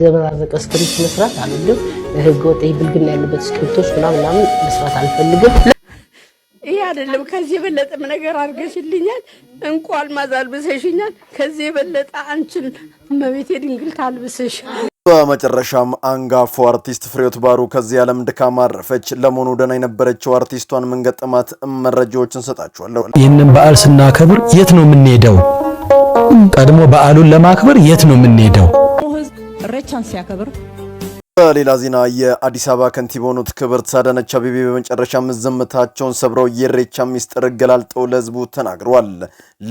የተበራረቀ ስክሪፕት መስራት አልወድም። ህገ ወጥ ብልግና ያለበት ስክሪፕቶች ምናምን መስራት አልፈልግም። ይህ አይደለም። ከዚህ የበለጠም ነገር አድርገሽልኛል። እንቁ አልማዝ አልብሰሽኛል። ከዚህ የበለጠ አንቺን እመቤቴ ድንግል ታልብስሽ። በመጨረሻም አንጋፎ አርቲስት ፍሬሕይወት ባሩ ከዚህ ዓለም ድካም አረፈች። ለመሆኑ ደህና የነበረችው አርቲስቷን ምን ገጠማት? መረጃዎችን ሰጣችኋለሁ። ይህንን በዓል ስናከብር የት ነው የምንሄደው? ቀድሞ በዓሉን ለማክበር የት ነው የምንሄደው? እሬቻን ሲያከብር በሌላ ዜና የአዲስ አበባ ከንቲባ የሆኑት ክብርት አዳነች አቤቤ በመጨረሻም ዝምታቸውን ሰብረው የኢሬቻ ሚስጥር ገላልጠው ለህዝቡ ተናግረዋል።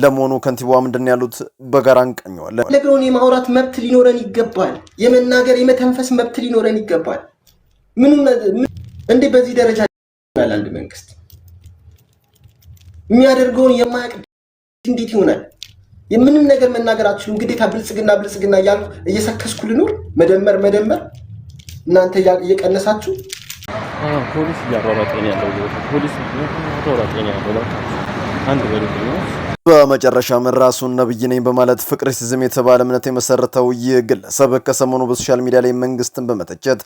ለመሆኑ ከንቲባዋ ምንድን ነው ያሉት? በጋራ እንቃኘዋለን። ነገሩን የማውራት መብት ሊኖረን ይገባል። የመናገር የመተንፈስ መብት ሊኖረን ይገባል። ምን እንዴ በዚህ ደረጃ ይሆናል? አንድ መንግስት የሚያደርገውን የማያውቅ እንዴት ይሆናል? የምንም ነገር መናገር አትችሉም። ግዴታ ብልጽግና ብልጽግና እያሉ እየሰከስኩ ልኖር? መደመር መደመር እናንተ እየቀነሳችሁ ፖሊስ እያሯሯጠኝ ያለው ፖሊስ እያሯሯጠኝ ያለው አንድ በሬ በመጨረሻም ራሱን ነብይ ነኝ በማለት ፍቅር ሲዝም የተባለ እምነት የመሰረተው ይህ ግለሰብ ከሰሞኑ በሶሻል ሚዲያ ላይ መንግስትን በመተቸት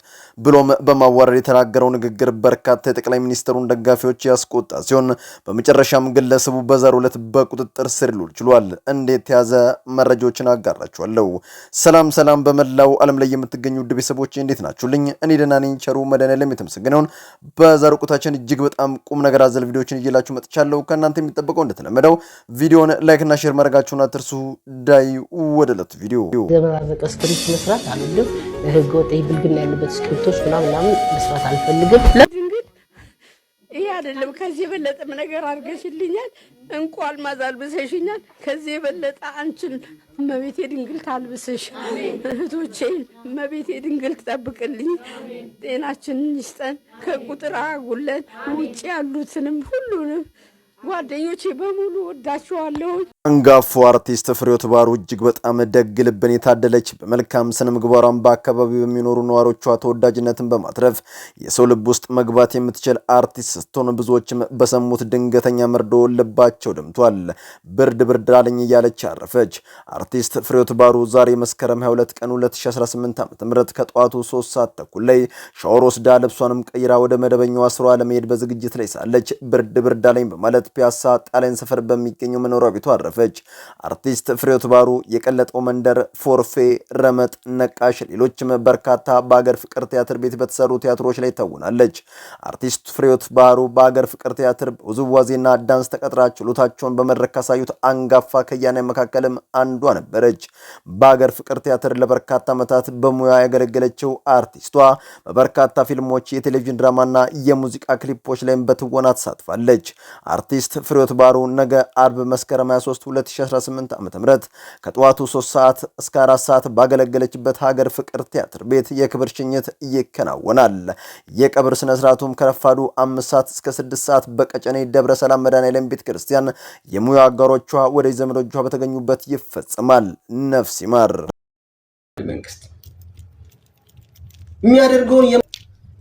ብሎም በማዋረድ የተናገረው ንግግር በርካታ የጠቅላይ ሚኒስትሩን ደጋፊዎች ያስቆጣ ሲሆን በመጨረሻም ግለሰቡ በዛሬው ዕለት በቁጥጥር ስር ሊውል ችሏል። እንዴት የያዘ መረጃዎችን አጋራችኋለሁ። ሰላም ሰላም፣ በመላው ዓለም ላይ የምትገኙ ውድ ቤተሰቦች እንዴት ናችሁልኝ? እኔ ደህና ነኝ። ቸሩ መድኃኔዓለም የተመሰገነውን። በዛሬው ቁታችን እጅግ በጣም ቁም ነገር አዘል ቪዲዮችን እየላችሁ መጥቻለሁ። ከእናንተ የሚጠበቀው እንደተለመደው ቪዲዮን ላይክና ሼር ማድረጋችሁን አትርሱ። ዳይ ወደ ዕለቱ ቪዲዮ ዘበራረቀ ስክሪፕት መስራት አልወድም። ህገ ወጥ ብልግና ያለበት ስክሪፕቶች ምናምን መስራት አልፈልግም። ለድንግል ይህ አይደለም። ከዚህ የበለጠም ነገር አድርገሽልኛል። እንቁ አልማዝ አልብሰሽኛል። ከዚህ የበለጠ አንቺን መቤቴ ድንግል ታልብስሽ፣ እህቶቼ መቤቴ ድንግል ትጠብቅልኝ፣ ጤናችንን ይስጠን፣ ከቁጥር አጉለን ውጭ ያሉትንም ሁሉንም ጓደኞቼ በሙሉ ወዳችኋለሁ። አንጋፉ አርቲስት ፍሬሕይወት ባህሩ እጅግ በጣም ደግ ልብን የታደለች በመልካም ስነ ምግባሯን በአካባቢው በሚኖሩ ነዋሪዎቿ ተወዳጅነትን በማትረፍ የሰው ልብ ውስጥ መግባት የምትችል አርቲስት ስትሆን ብዙዎችም በሰሙት ድንገተኛ መርዶ ልባቸው ደምቷል። ብርድ ብርድ አለኝ እያለች አረፈች። አርቲስት ፍሬሕይወት ባህሩ ዛሬ መስከረም 22 ቀን 2018 ዓ.ም ከጠዋቱ ሶስት ሰዓት ተኩል ላይ ሻወር ወስዳ ልብሷንም ቀይራ ወደ መደበኛዋ ስሯ ለመሄድ በዝግጅት ላይ ሳለች ብርድ ብርድ አለኝ በማለት ፒያሳ ጣሊያን ሰፈር በሚገኘው መኖሪያ ቤቱ አረፈች። አርቲስት ፍሬሕይወት ባሩ፣ የቀለጠው መንደር፣ ፎርፌ፣ ረመጥ፣ ነቃሽ፣ ሌሎችም በርካታ በአገር ፍቅር ቲያትር ቤት በተሰሩ ቲያትሮች ላይ ተወናለች። አርቲስት ፍሬሕይወት ባህሩ በአገር ፍቅር ቲያትር ውዝዋዜና ዳንስ ተቀጥራ ችሎታቸውን በመድረክ ካሳዩት አንጋፋ ከያንያን መካከልም አንዷ ነበረች። በሀገር ፍቅር ቲያትር ለበርካታ ዓመታት በሙያ ያገለገለችው አርቲስቷ በበርካታ ፊልሞች፣ የቴሌቪዥን ድራማና የሙዚቃ ክሊፖች ላይም በትወና ተሳትፋለች። አርቲስት አክቲቪስት ፍሬዎት ባሩ ነገ አርብ መስከረም 23 2018 ዓ.ም ከጠዋቱ 3 ሰዓት እስከ 4 ሰዓት ባገለገለችበት ሀገር ፍቅር ቲያትር ቤት የክብር ሽኝት ይከናወናል። የቀብር ስነ ስርዓቱም ከረፋዱ 5 ሰዓት እስከ 6 ሰዓት በቀጨኔ ደብረ ሰላም መድኃኔዓለም ቤተ ክርስቲያን የሙያ አጋሮቿ ወደ ዘመዶቿ በተገኙበት ይፈጽማል። ነፍስ ይማር መንግስት የሚያደርገውን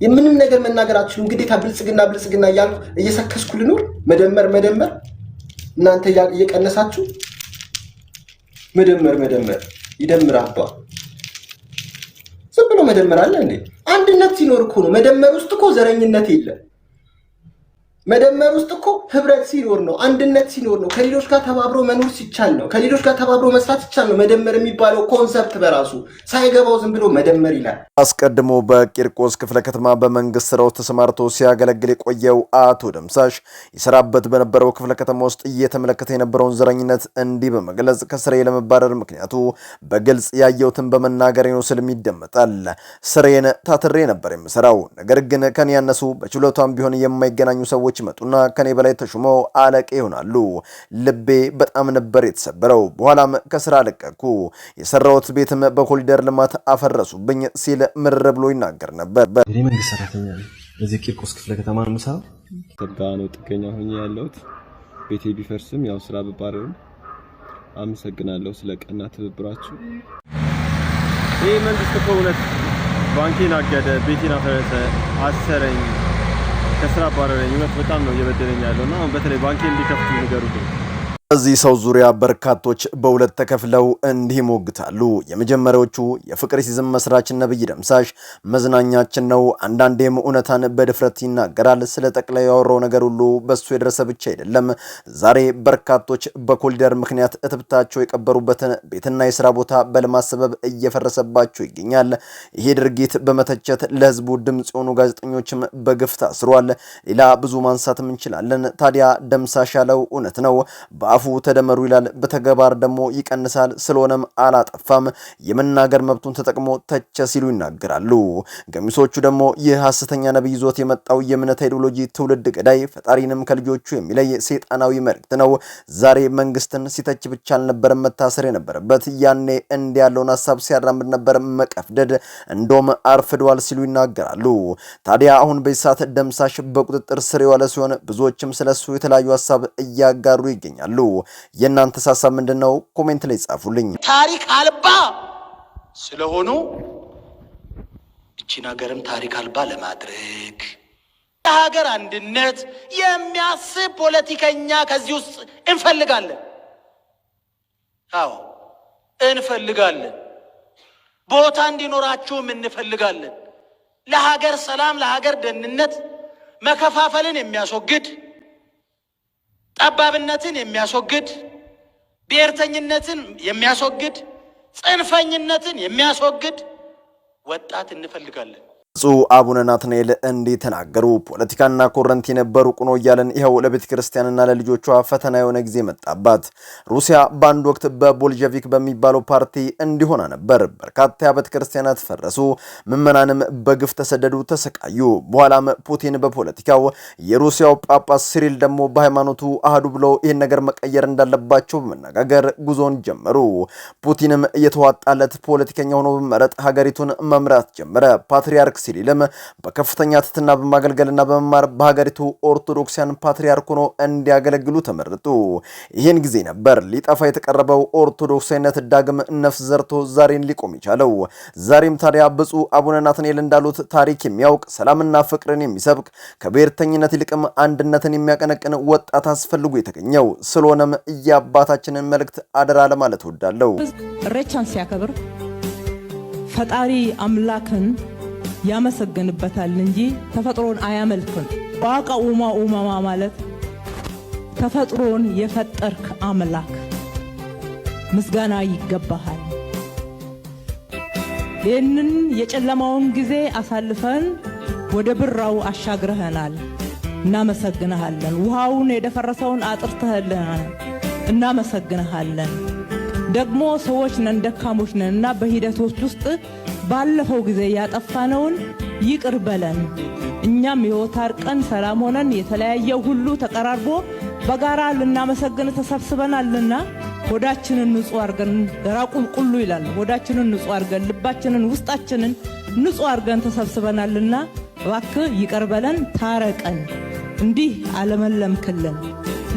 የምንም ነገር መናገር አትችሉም። ግዴታ ብልጽግና ብልጽግና እያሉ እየሰከስኩ ልኖር? መደመር መደመር እናንተ እየቀነሳችሁ መደመር መደመር ይደምር አባ ዝም ብሎ መደመር አለ እንዴ? አንድነት ሲኖር እኮ ነው። መደመር ውስጥ እኮ ዘረኝነት የለም። መደመር ውስጥ እኮ ህብረት ሲኖር ነው፣ አንድነት ሲኖር ነው፣ ከሌሎች ጋር ተባብሮ መኖር ሲቻል ነው፣ ከሌሎች ጋር ተባብሮ መስራት ሲቻል ነው። መደመር የሚባለው ኮንሰፕት በራሱ ሳይገባው ዝም ብሎ መደመር ይላል። አስቀድሞ በቂርቆስ ክፍለ ከተማ በመንግስት ስራ ውስጥ ተሰማርቶ ሲያገለግል የቆየው አቶ ደምሳሽ የሰራበት በነበረው ክፍለ ከተማ ውስጥ እየተመለከተ የነበረውን ዘረኝነት እንዲህ በመግለጽ ከስሬ ለመባረር ምክንያቱ በግልጽ ያየሁትን በመናገሬ ነው ስልም ይደመጣል። ስሬን ታትሬ ነበር የምሰራው፣ ነገር ግን ከኔ ያነሱ በችሎቷም ቢሆን የማይገናኙ ሰዎች ሰዎች ይመጡና ከኔ በላይ ተሹመው አለቃ ይሆናሉ። ልቤ በጣም ነበር የተሰበረው። በኋላም ከስራ ለቀኩ። የሰራሁት ቤትም በኮሊደር ልማት አፈረሱብኝ ሲል ምር ብሎ ይናገር ነበር። እኔ መንግስት ሰራተኛ እዚህ ቂርቆስ ክፍለ ከተማ ነው ምሳ ተባ ነው ጥገኛ ሆኜ ያለሁት። ቤቴ ቢፈርስም ያው ስራ ብባረርም አመሰግናለሁ ስለ ቀና ትብብራችሁ። ይህ መንግስት እኮ እውነት ባንኬን አገደ፣ ቤቴን አፈረሰ፣ አሰረኝ ከስራ ባረረኝ። እውነት በጣም ነው እየበደለኝ ያለው እና አሁን በተለይ ባንኬ እንዲከፍቱ ንገሩልኝ። በዚህ ሰው ዙሪያ በርካቶች በሁለት ተከፍለው እንዲህ ይሞግታሉ። የመጀመሪያዎቹ የፍቅር ሲዝም መስራች ነብይ ደምሳሽ መዝናኛችን ነው፣ አንዳንዴም እውነታን በድፍረት ይናገራል። ስለ ጠቅላይ ያወራው ነገር ሁሉ በሱ የደረሰ ብቻ አይደለም። ዛሬ በርካቶች በኮሊደር ምክንያት እትብታቸው የቀበሩበትን ቤትና የስራ ቦታ በልማት ሰበብ እየፈረሰባቸው ይገኛል። ይሄ ድርጊት በመተቸት ለህዝቡ ድምፅ የሆኑ ጋዜጠኞችም በግፍ ታስሯል። ሌላ ብዙ ማንሳትም እንችላለን። ታዲያ ደምሳሽ ያለው እውነት ነው በአፉ በአፉ ተደመሩ ይላል፣ በተግባር ደግሞ ይቀንሳል። ስለሆነም አላጠፋም፣ የመናገር መብቱን ተጠቅሞ ተቸ ሲሉ ይናገራሉ። ገሚሶቹ ደግሞ ይህ ሐሰተኛ ነቢይ ይዞት የመጣው የእምነት አይዲዮሎጂ ትውልድ ገዳይ፣ ፈጣሪንም ከልጆቹ የሚለይ ሰይጣናዊ መልእክት ነው። ዛሬ መንግስትን ሲተች ብቻ አልነበረ መታሰር የነበረበት፣ ያኔ እንዲ ያለውን ሀሳብ ሲያራምድ ነበር መቀፍደድ፣ እንደውም አርፍደዋል ሲሉ ይናገራሉ። ታዲያ አሁን በዚህ ሰዓት ደምሳሽ በቁጥጥር ስር የዋለ ሲሆን ብዙዎችም ስለሱ የተለያዩ ሀሳብ እያጋሩ ይገኛሉ። የእናንተ ሳሳብ ምንድን ነው? ኮሜንት ላይ ጻፉልኝ። ታሪክ አልባ ስለሆኑ እቺን ሀገርም ታሪክ አልባ ለማድረግ ለሀገር አንድነት የሚያስብ ፖለቲከኛ ከዚህ ውስጥ እንፈልጋለን። አዎ እንፈልጋለን። ቦታ እንዲኖራችሁም እንፈልጋለን። ለሀገር ሰላም፣ ለሀገር ደህንነት መከፋፈልን የሚያስወግድ ጠባብነትን የሚያስወግድ ብሔርተኝነትን የሚያስወግድ ጽንፈኝነትን የሚያስወግድ ወጣት እንፈልጋለን። ብፁዕ አቡነ ናትናኤል እንዲህ ተናገሩ። ፖለቲካና ኮረንቲ የነበሩ ቁኖ እያለን ይኸው ለቤተ ክርስቲያንና ለልጆቿ ፈተና የሆነ ጊዜ መጣባት። ሩሲያ በአንድ ወቅት በቦልሸቪክ በሚባለው ፓርቲ እንዲሆና ነበር። በርካታ አብያተ ክርስቲያናት ፈረሱ፣ ምዕመናንም በግፍ ተሰደዱ፣ ተሰቃዩ። በኋላም ፑቲን በፖለቲካው የሩሲያው ጳጳስ ሲሪል ደግሞ በሃይማኖቱ አህዱ ብለው ይህን ነገር መቀየር እንዳለባቸው በመነጋገር ጉዞን ጀመሩ። ፑቲንም እየተዋጣለት ፖለቲከኛ ሆኖ በመረጥ ሀገሪቱን መምራት ጀመረ። ፓትሪያርክ ሲል ይልም በከፍተኛ ትትና በማገልገልና በመማር በሀገሪቱ ኦርቶዶክሲያን ፓትርያርክ ሆኖ እንዲያገለግሉ ተመረጡ። ይህን ጊዜ ነበር ሊጠፋ የተቀረበው ኦርቶዶክሳዊነት ዳግም ነፍስ ዘርቶ ዛሬን ሊቆም የቻለው። ዛሬም ታዲያ ብፁዕ አቡነ ናትናኤል እንዳሉት ታሪክ የሚያውቅ ሰላምና ፍቅርን የሚሰብክ ከብሔርተኝነት ይልቅም አንድነትን የሚያቀነቅን ወጣት አስፈልጎ የተገኘው። ስለሆነም የአባታችንን መልእክት አደራ ለማለት እወዳለሁ። እሬቻን ሲያከብር ፈጣሪ አምላክን ያመሰግንበታል እንጂ ተፈጥሮን አያመልክም። ዋቀ ኡማ ኡማማ ማለት ተፈጥሮን የፈጠርክ አምላክ ምስጋና ይገባሃል። ይህንን የጨለማውን ጊዜ አሳልፈን ወደ ብራው አሻግረኸናል፣ እናመሰግንሃለን። ውሃውን የደፈረሰውን አጥርተህልናል፣ እናመሰግንሃለን። ደግሞ ሰዎች ነን፣ ደካሞች ነን እና በሂደቶች ውስጥ ባለፈው ጊዜ ያጠፋነውን ይቅር በለን፣ እኛም ሕይወት አርቀን ሰላም ሆነን የተለያየው ሁሉ ተቀራርቦ በጋራ ልናመሰግን ተሰብስበናልና ሆዳችንን ንጹሕ አርገን ደራቁም ቁሉ ይላል። ሆዳችንን ንጹሕ አርገን ልባችንን፣ ውስጣችንን ንጹሕ አርገን ተሰብስበናልና እባክህ ይቅር በለን፣ ታረቀን። እንዲህ አለመለምክልን፣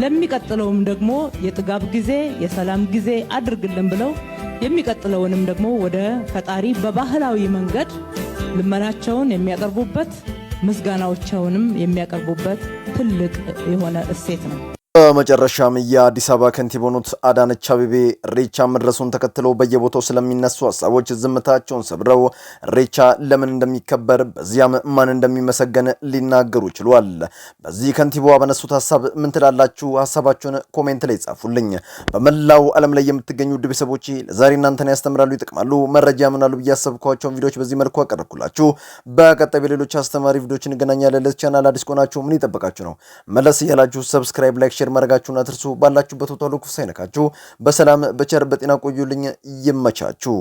ለሚቀጥለውም ደግሞ የጥጋብ ጊዜ የሰላም ጊዜ አድርግልን ብለው የሚቀጥለውንም ደግሞ ወደ ፈጣሪ በባህላዊ መንገድ ልመናቸውን የሚያቀርቡበት ምስጋናዎቻውንም የሚያቀርቡበት ትልቅ የሆነ እሴት ነው። በመጨረሻም የአዲስ አበባ ከንቲባ የሆኑት አዳነች አቤቤ ኢሬቻ መድረሱን ተከትሎ በየቦታው ስለሚነሱ ሀሳቦች ዝምታቸውን ሰብረው ኢሬቻ ለምን እንደሚከበር በዚያም ማን እንደሚመሰገን ሊናገሩ ችሏል። በዚህ ከንቲባዋ በነሱት ሀሳብ ምን ትላላችሁ? ሀሳባችሁን ኮሜንት ላይ ጻፉልኝ። በመላው ዓለም ላይ የምትገኙ ውድ ቤተሰቦች ለዛሬ እናንተን ያስተምራሉ፣ ይጠቅማሉ፣ መረጃ ምናሉ ብዬ ያሰብኳቸውን ቪዲዮዎች በዚህ መልኩ አቀረብኩላችሁ። በቀጣይ በሌሎች አስተማሪ ቪዲዮዎች እንገናኛለን። ለዚህ ቻናል አዲስ ከሆናችሁ ምን ይጠበቃችሁ ነው? መለስ እያላችሁ ሰብስክራይብ፣ ላይክ ሼር ማድረጋችሁን አትርሱ። ባላችሁበት ቦታ ሁሉ ክፉ ሳይነካችሁ በሰላም በቸር በጤና ቆዩልኝ። ይመቻችሁ።